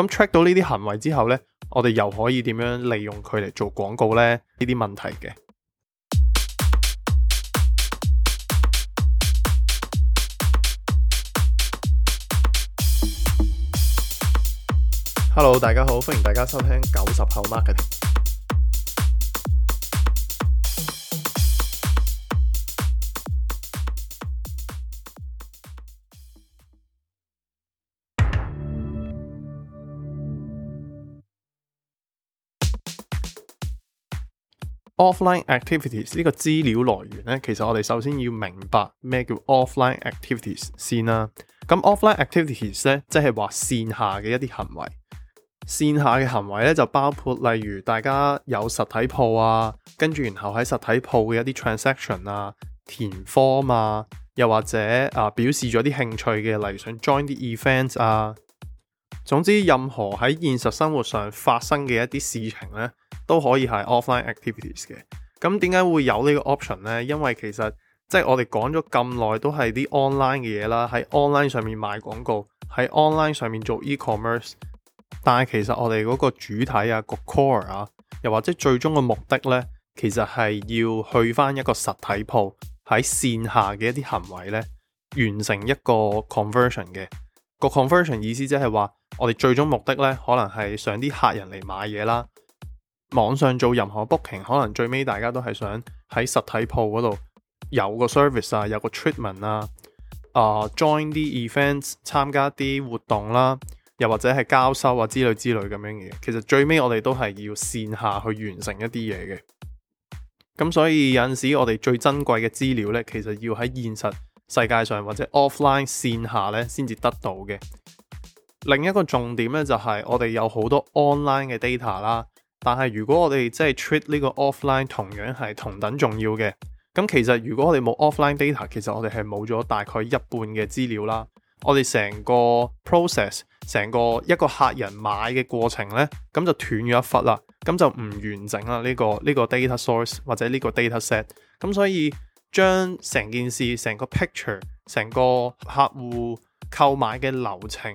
咁 track 到呢啲行為之後呢，我哋又可以點樣利用佢嚟做廣告呢？呢啲問題嘅。Hello，大家好，歡迎大家收聽九十後 Marketing。Offline activities 呢個資料來源呢，其實我哋首先要明白咩叫 offline activities 先啦。咁 offline activities 呢，即係話線下嘅一啲行為。線下嘅行為呢，就包括例如大家有實體舖啊，跟住然後喺實體舖嘅一啲 transaction 啊，填 form 啊，又或者啊、呃、表示咗啲興趣嘅，例如想 join 啲 event 啊。總之，任何喺現實生活上發生嘅一啲事情呢，都可以係 offline activities 嘅。咁點解會有呢個 option 呢？因為其實即係、就是、我哋講咗咁耐都係啲 online 嘅嘢啦，喺 online 上面賣廣告，喺 online 上面做 e-commerce。Commerce，但係其實我哋嗰個主體啊，個 core 啊，又或者最終嘅目的呢，其實係要去返一個實體舖喺線下嘅一啲行為呢，完成一個 conversion 嘅。個 conversion 意思即係話。我哋最終目的咧，可能係想啲客人嚟買嘢啦，網上做任何 booking，可能最尾大家都係想喺實體鋪嗰度有個 service 啊，有個 treatment 啊，啊、呃、join 啲 events，參加啲活動啦，又或者係交收啊之類之類咁樣嘅。其實最尾我哋都係要線下去完成一啲嘢嘅。咁所以有陣時我哋最珍貴嘅資料咧，其實要喺現實世界上或者 offline 線下咧，先至得到嘅。另一個重點咧就係、是、我哋有好多 online 嘅 data 啦，但係如果我哋即係 treat 呢個 offline 同樣係同等重要嘅。咁其實如果我哋冇 offline data，其實我哋係冇咗大概一半嘅資料啦。我哋成個 process，成個一個客人買嘅過程呢，咁就斷咗一忽啦，咁就唔完整啦。呢、這個呢、這個 data source 或者呢個 data set，咁所以將成件事成個 picture，成個客戶購買嘅流程。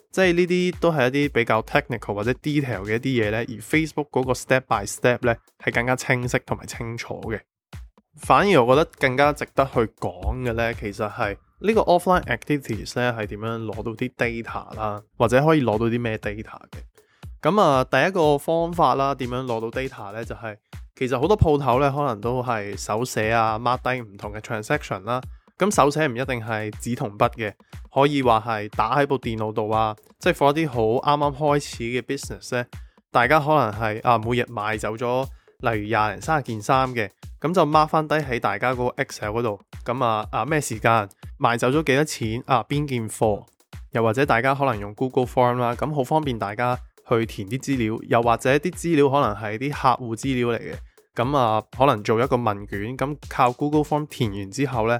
即係呢啲都係一啲比較 technical 或者 detail 嘅一啲嘢呢。而 Facebook 嗰個 step by step 呢，係更加清晰同埋清楚嘅。反而我覺得更加值得去講嘅呢，其實係呢個 offline activities 呢，係點樣攞到啲 data 啦，或者可以攞到啲咩 data 嘅。咁啊，第一個方法啦，點樣攞到 data 呢？就係、是、其實好多鋪頭呢，可能都係手寫啊，mark 低唔同嘅 transaction 啦。咁手寫唔一定係紙同筆嘅，可以話係打喺部電腦度啊！即係放一啲好啱啱開始嘅 business 咧，大家可能係啊每日賣走咗，例如廿零、三十件衫嘅，咁就 mark 翻低喺大家嗰個 Excel 嗰度。咁啊啊咩時間賣走咗幾多錢啊？邊件貨？又或者大家可能用 Google Form 啦，咁好方便大家去填啲資料，又或者啲資料可能係啲客戶資料嚟嘅，咁啊可能做一個問卷，咁靠 Google Form 填完之後呢。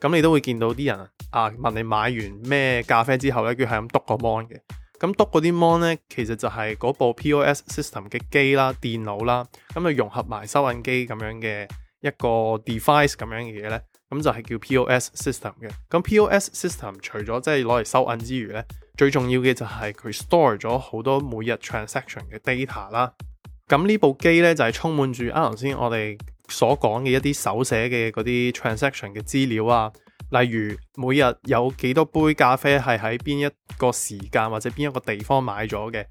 咁你都會見到啲人啊，問你買完咩咖啡之後咧，佢係咁篤個 mon 嘅。咁篤嗰啲 mon 咧，其實就係嗰部 POS system 嘅機啦、電腦啦，咁啊，融合埋收銀機咁樣嘅一個 device 咁樣嘅嘢咧，咁就係叫 POS system 嘅。咁 POS system 除咗即係攞嚟收銀之餘咧，最重要嘅就係佢 store 咗好多每日 transaction 嘅 data 啦。咁呢部機咧，就係充滿住啱頭先我哋所講嘅一啲手寫嘅嗰啲 transaction 嘅資料啊，例如每日有幾多杯咖啡係喺邊一個時間或者邊一個地方買咗嘅，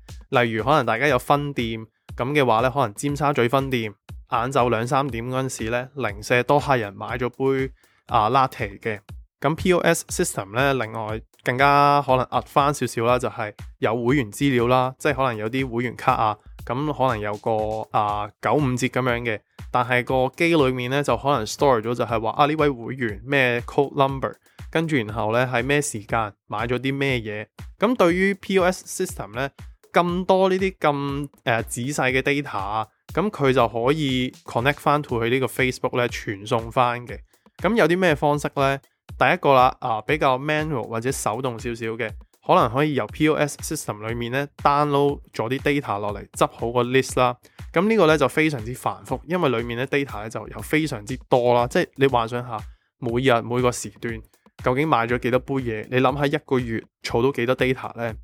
例如可能大家有分店咁嘅話呢，可能尖沙咀分店晏晝兩三點嗰陣時咧，零舍多客人買咗杯啊 latte 嘅，咁 POS system 呢，另外更加可能 advance 少少啦，就係有會員資料啦，即係可能有啲會員卡啊。咁可能有個啊九五折咁樣嘅，但係個機裡面咧就可能 store 咗，就係話啊呢位會員咩 code number，跟住然後咧喺咩時間買咗啲咩嘢。咁對於 POS system 咧，咁多呢啲咁誒仔細嘅 data，咁佢就可以 connect 翻到去呢個 Facebook 咧傳送翻嘅。咁有啲咩方式咧？第一個啦，啊、呃、比較 manual 或者手動少少嘅。可能可以由 POS system 裏面咧 download 咗啲 data 落嚟，執好個 list 啦。咁呢個咧就非常之繁複，因為裡面咧 data 咧就有非常之多啦。即係你幻想下，每日每個時段究竟買咗幾多杯嘢，你諗下一個月儲到幾多 data 咧？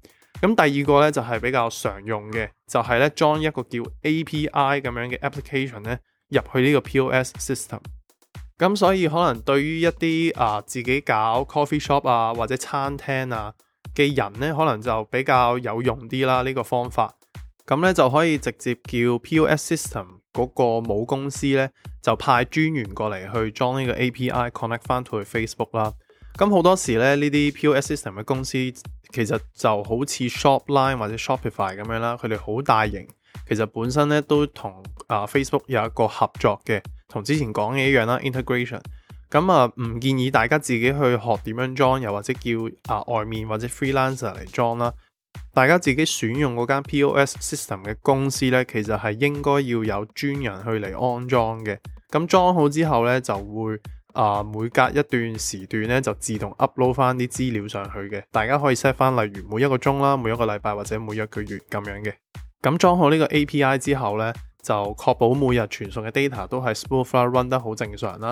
咁第二個咧就係比較常用嘅，就係咧裝一個叫 API 咁樣嘅 application 咧入去呢個 POS system。咁所以可能對於一啲啊、呃、自己搞 coffee shop 啊或者餐廳啊，嘅人咧，可能就比較有用啲啦。呢、這個方法，咁咧就可以直接叫 POS system 嗰個母公司咧，就派專員過嚟去裝呢個 API connect 翻到去 Facebook 啦。咁、嗯、好多時咧，呢啲 POS system 嘅公司其實就好似 Shopline 或者 Shopify 咁樣啦，佢哋好大型，其實本身咧都同啊 Facebook 有一個合作嘅，同之前講嘅一樣啦，integration。咁啊，唔建議大家自己去學點樣裝，又或者叫啊、呃、外面或者 freelancer 嚟裝啦。大家自己選用嗰間 POS system 嘅公司咧，其實係應該要有專人去嚟安裝嘅。咁裝好之後咧，就會啊、呃、每隔一段時段咧，就自動 upload 翻啲資料上去嘅。大家可以 set 翻，例如每一個鐘啦，每一個禮拜或者每一個月咁樣嘅。咁裝好呢個 API 之後咧，就確保每日傳送嘅 data 都係 smoothly run 得好正常啦。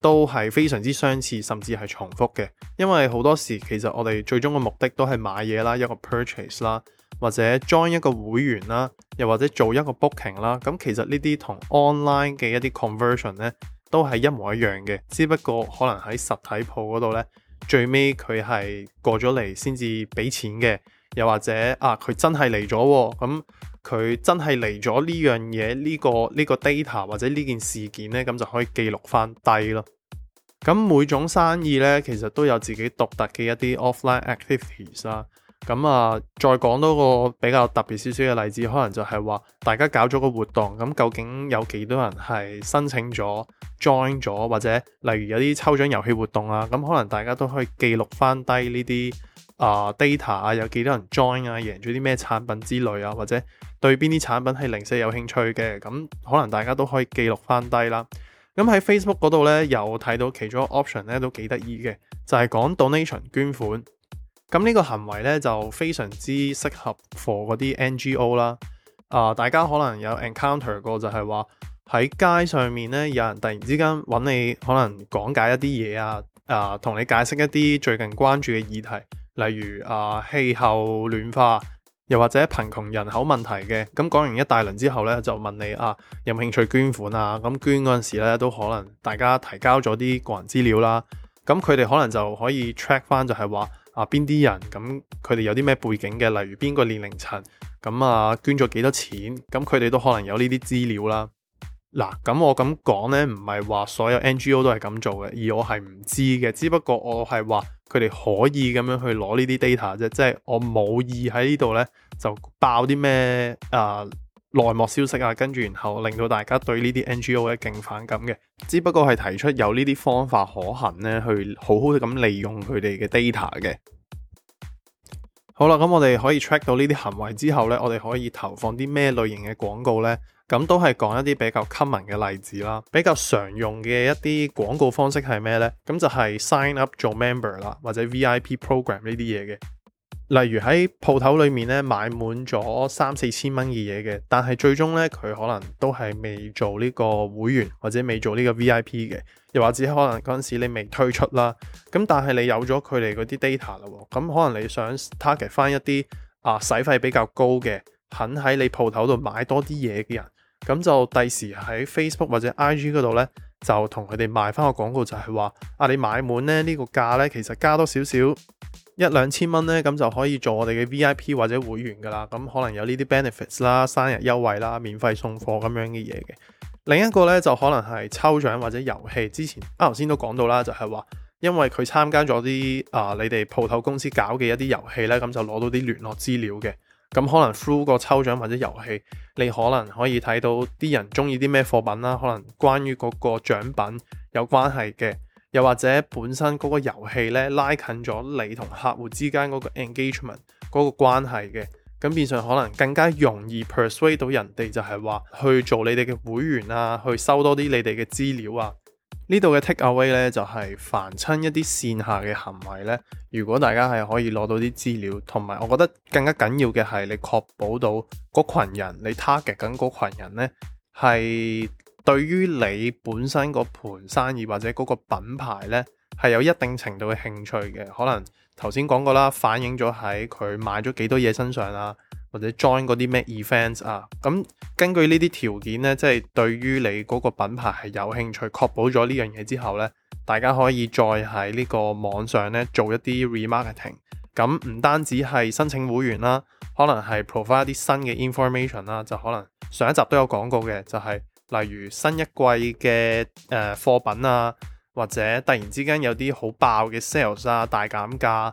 都係非常之相似，甚至係重複嘅，因為好多時其實我哋最終嘅目的都係買嘢啦，一個 purchase 啦，或者 join 一個會員啦，又或者做一個 booking 啦。咁、嗯、其實呢啲同 online 嘅一啲 conversion 呢都係一模一樣嘅，只不過可能喺實體鋪嗰度呢，最尾佢係過咗嚟先至俾錢嘅，又或者啊佢真係嚟咗咁。嗯佢真係嚟咗呢樣嘢，呢個呢個 data 或者呢件事件呢，咁就可以記錄翻低咯。咁每種生意呢，其實都有自己獨特嘅一啲 offline activities 啦、啊。咁啊，再講多個比較特別少少嘅例子，可能就係話大家搞咗個活動，咁究竟有幾多人係申請咗 join 咗，或者例如有啲抽獎遊戲活動啊，咁可能大家都可以記錄翻低呢啲。啊、uh, data 啊，有幾多人 join 啊，贏咗啲咩產品之類啊，或者對邊啲產品係零舍有興趣嘅，咁可能大家都可以記錄翻低啦。咁喺 Facebook 嗰度呢，又睇到其中一個 option 呢都幾得意嘅，就係、是、講 donation 捐款。咁呢個行為呢，就非常之適合 for 嗰啲 NGO 啦。啊，大家可能有 encounter 過就係話喺街上面呢，有人突然之間揾你，可能講解一啲嘢啊，啊，同你解釋一啲最近關注嘅議題。例如啊，氣候暖化，又或者貧窮人口問題嘅，咁講完一大輪之後呢，就問你啊，有冇興趣捐款啊？咁捐嗰陣時呢，都可能大家提交咗啲個人資料啦，咁佢哋可能就可以 track 翻，就係話啊邊啲人，咁佢哋有啲咩背景嘅，例如邊個年齡層，咁啊捐咗幾多錢，咁佢哋都可能有呢啲資料啦。嗱，咁我咁講呢，唔係話所有 NGO 都係咁做嘅，而我係唔知嘅，只不過我係話佢哋可以咁樣去攞呢啲 data 啫，即係我冇意喺呢度呢就爆啲咩啊內幕消息啊，跟住然後令到大家對呢啲 NGO 咧勁反感嘅，只不過係提出有呢啲方法可行呢，去好好咁利用佢哋嘅 data 嘅。好啦，咁我哋可以 check 到呢啲行為之後呢，我哋可以投放啲咩類型嘅廣告呢？咁都係講一啲比較 common 嘅例子啦，比較常用嘅一啲廣告方式係咩呢？咁就係 sign up 做 member 啦，或者 VIP program 呢啲嘢嘅。例如喺鋪頭裏面呢買滿咗三四千蚊嘅嘢嘅，但係最終呢，佢可能都係未做呢個會員或者未做呢個 VIP 嘅，又或者可能嗰陣時你未推出啦。咁但係你有咗佢哋嗰啲 data 啦，咁可能你想 target 返一啲啊使費比較高嘅，肯喺你鋪頭度買多啲嘢嘅人。咁就第時喺 Facebook 或者 IG 嗰度呢，就同佢哋賣翻個廣告就，就係話啊，你買滿呢呢、這個價呢，其實加多少少一兩千蚊呢，咁就可以做我哋嘅 VIP 或者會員噶啦，咁可能有呢啲 benefits 啦、生日優惠啦、免費送貨咁樣嘅嘢嘅。另一個呢，就可能係抽獎或者遊戲。之前啱頭先都講到啦，就係、是、話因為佢參加咗啲啊你哋鋪頭公司搞嘅一啲遊戲呢，咁就攞到啲聯絡資料嘅。咁可能 through 個抽獎或者遊戲，你可能可以睇到啲人中意啲咩貨品啦，可能關於嗰個獎品有關係嘅，又或者本身嗰個遊戲咧，拉近咗你同客戶之間嗰個 engagement 嗰個關係嘅，咁變相可能更加容易 persuade 到人哋就係話去做你哋嘅會員啊，去收多啲你哋嘅資料啊。呢度嘅 take away 呢，就係凡親一啲線下嘅行為呢，如果大家係可以攞到啲資料，同埋我覺得更加緊要嘅係你確保到嗰羣人，你 target 緊嗰羣人呢，係對於你本身嗰盤生意或者嗰個品牌呢，係有一定程度嘅興趣嘅。可能頭先講過啦，反映咗喺佢買咗幾多嘢身上啦、啊，或者 join 嗰啲咩 events 啊，咁根據呢啲條件呢，即係對於你嗰個品牌係有興趣，確保咗呢樣嘢之後呢，大家可以再喺呢個網上呢做一啲 remarketing。咁唔單止係申請會員啦，可能係 provide 一啲新嘅 information 啦，就可能上一集都有講過嘅，就係例如新一季嘅誒貨品啊，或者突然之間有啲好爆嘅 sales 啊，大減價。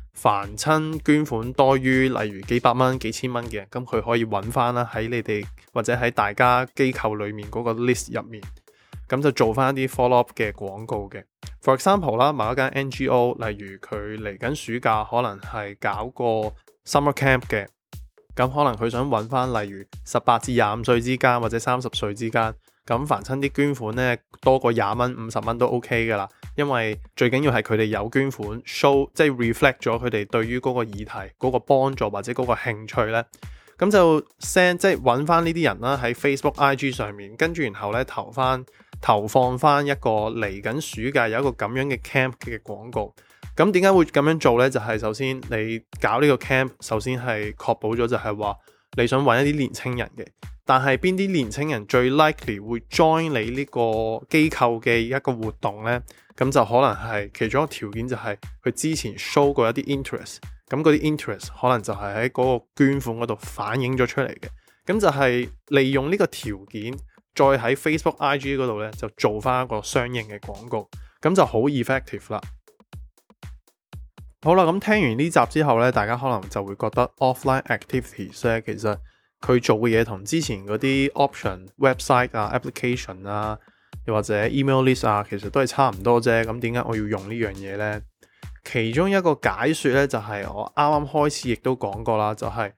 凡親捐款多於例如幾百蚊、幾千蚊嘅，咁佢可以揾翻啦，喺你哋或者喺大家機構裏面嗰個 list 入面，咁就做翻啲 follow up 嘅廣告嘅。For example 啦，某一間 NGO，例如佢嚟緊暑假，可能係搞個 summer camp 嘅，咁可能佢想揾翻，例如十八至廿五歲之間或者三十歲之間，咁凡親啲捐款呢，多過廿蚊、五十蚊都 OK 噶啦。因為最緊要係佢哋有捐款 show，即係 reflect 咗佢哋對於嗰個議題嗰個幫助或者嗰個興趣咧，咁就 send 即係揾翻呢啲人啦喺 Facebook、IG 上面，跟住然後咧投翻投放翻一個嚟緊暑假有一個咁樣嘅 camp 嘅廣告。咁點解會咁樣做咧？就係首先你搞呢個 camp，首先係確保咗就係話。你想揾一啲年青人嘅，但係邊啲年青人最 likely 會 join 你呢個機構嘅一個活動呢？咁就可能係其中一個條件就係佢之前 show 過一啲 interest，咁嗰啲 interest 可能就係喺嗰個捐款嗰度反映咗出嚟嘅，咁就係利用呢個條件，再喺 Facebook、IG 嗰度呢，就做翻一個相應嘅廣告，咁就好 effective 啦。好啦，咁聽完呢集之後呢，大家可能就會覺得 offline activities 咧，其實佢做嘅嘢同之前嗰啲 option website 啊、application 啊，又或者 email list 啊，其實都係差唔多啫。咁點解我要用呢樣嘢呢？其中一個解說呢，就係我啱啱開始亦都講過啦，就係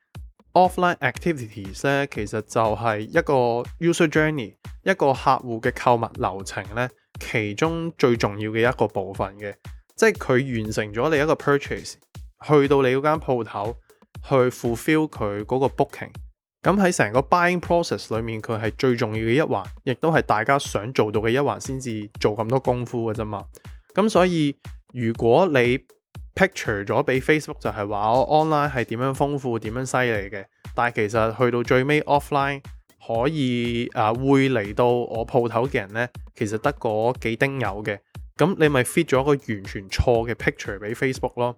offline activities 呢，其實就係一個 user journey，一個客戶嘅購物流程呢，其中最重要嘅一個部分嘅。即係佢完成咗你一個 purchase，去到你嗰間鋪頭去 fulfill 佢嗰個 booking。咁喺成個 buying process 裏面，佢係最重要嘅一環，亦都係大家想做到嘅一環，先至做咁多功夫嘅啫嘛。咁所以如果你 picture 咗俾 Facebook 就係話我 online 係點樣豐富、點樣犀利嘅，但係其實去到最尾 offline 可以啊會嚟到我鋪頭嘅人呢，其實得嗰幾丁友嘅。咁你咪 fit 咗一個完全錯嘅 picture 俾 Facebook 咯，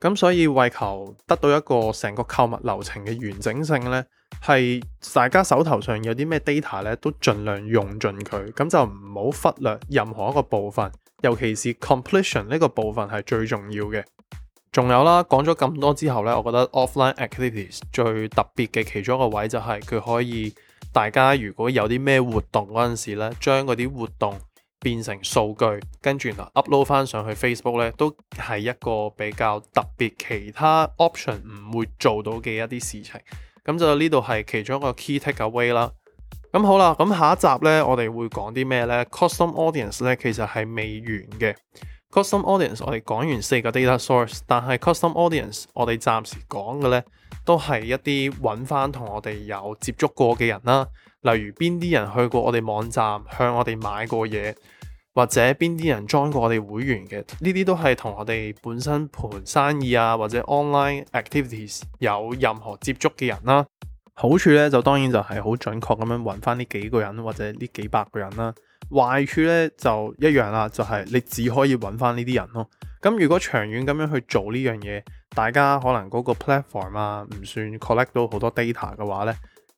咁所以為求得到一個成個購物流程嘅完整性呢，係大家手頭上有啲咩 data 呢，都盡量用盡佢，咁就唔好忽略任何一個部分，尤其是 completion 呢個部分係最重要嘅。仲有啦，講咗咁多之後呢，我覺得 offline activities 最特別嘅其中一個位就係佢可以大家如果有啲咩活動嗰陣時呢，將嗰啲活動。變成數據，跟住嗱 upload 翻上去 Facebook 咧，都係一個比較特別，其他 option 唔會做到嘅一啲事情。咁就呢度係其中一個 key takeaway 啦。咁好啦，咁下一集呢，我哋會講啲咩呢？Custom audience 呢，其實係未完嘅。Custom audience，我哋講完四個 data source，但係 Custom audience，我哋暫時講嘅呢，都係一啲揾翻同我哋有接觸過嘅人啦。例如邊啲人去過我哋網站，向我哋買過嘢，或者邊啲人 join 過我哋會員嘅，呢啲都係同我哋本身盤生意啊或者 online activities 有任何接觸嘅人啦、啊。好處咧，就當然就係好準確咁樣揾翻呢幾個人或者呢幾百個人啦、啊。壞處咧，就一樣啦，就係、是、你只可以揾翻呢啲人咯。咁如果長遠咁樣去做呢樣嘢，大家可能嗰個 platform 啊唔算 collect 到好多 data 嘅話咧。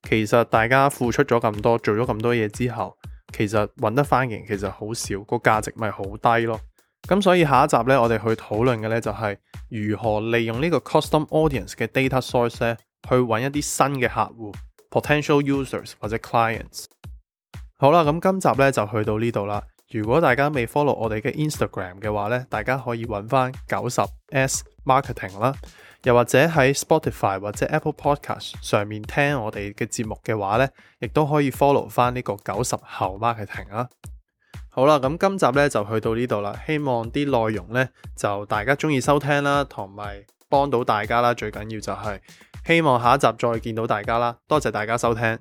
其實大家付出咗咁多，做咗咁多嘢之後，其實揾得翻嘅其實好少，個價值咪好低咯。咁所以下一集呢，我哋去討論嘅呢，就係如何利用呢個 custom audience 嘅 data source 咧，去揾一啲新嘅客戶 （potential users 或者 clients）。好啦，咁今集呢就去到呢度啦。如果大家未 follow 我哋嘅 Instagram 嘅話呢，大家可以揾翻九十 S。Marketing 啦，又或者喺 Spotify 或者 Apple Podcast 上面聽我哋嘅節目嘅話呢，亦都可以 follow 返呢個九十後 Marketing 啦。好啦，咁今集呢就去到呢度啦，希望啲內容呢就大家中意收聽啦，同埋幫到大家啦，最緊要就係希望下一集再見到大家啦，多謝大家收聽。